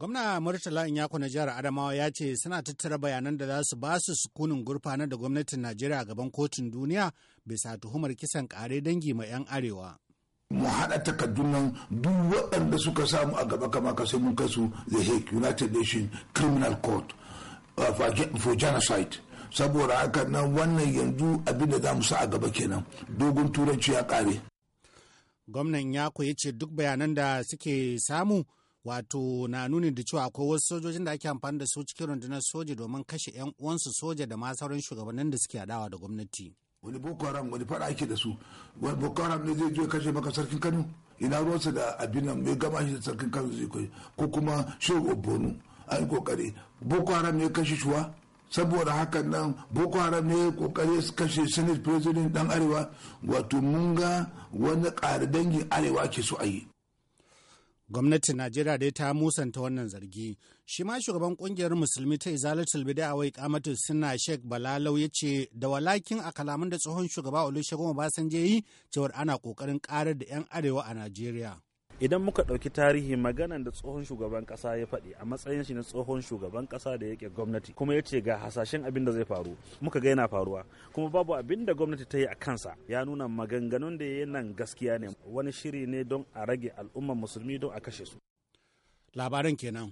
Gwamna Murtala Inyako na jihar Adamawa ya ce suna tattara bayanan da za su ba su sukunin gurfanar da gwamnatin Najeriya gaban kotun duniya bisa tuhumar kisan kare dangi ma 'yan arewa. mu haɗa takaddunan duk waɗanda suka samu a gaba kama ka sai mun kai su the Hague United Nations Criminal Court uh, for, genocide saboda haka na wannan yanzu abinda za mu sa a gaba kenan dogon turanci ya ƙare. Gwamnan ya ce duk bayanan da suke samu wato na nuni da cewa akwai wasu sojojin da ake amfani da su cikin rundunar soja domin kashe 'yan uwansu soja da ma sauran shugabannin da suke adawa da gwamnati. wani boko haram wani fara ake da su wani boko haram ne zai je kashe maka sarkin kano ina ruwansa da abin nan mai gama shi da sarkin kano zai kai ko kuma shehu a an kokari boko haram ne kashe shuwa saboda hakan nan boko haram ne kokari su kashe senate president dan arewa wato mun ga wani ƙari dangin arewa ke so a yi Gwamnatin Najeriya dai ta musanta wannan zargi. Shi ma shugaban kungiyar musulmi ta Izalatul Bid'a wai kamatu suna Sheikh Balalau ya ce da walakin a kalaman da tsohon shugaba Olusegun Obasanjo yi cewar ana kokarin karar da 'yan arewa a Najeriya. idan muka ɗauki tarihi maganan da tsohon shugaban ƙasa ya faɗi a matsayin shi na tsohon shugaban ƙasa da yake gwamnati kuma ya ce ga hasashen abin da zai faru muka ga yana faruwa kuma babu abin da gwamnati ta yi a kansa ya nuna maganganun da ya nan gaskiya ne wani shiri ne don a rage al'umman musulmi don a kashe su labaran kenan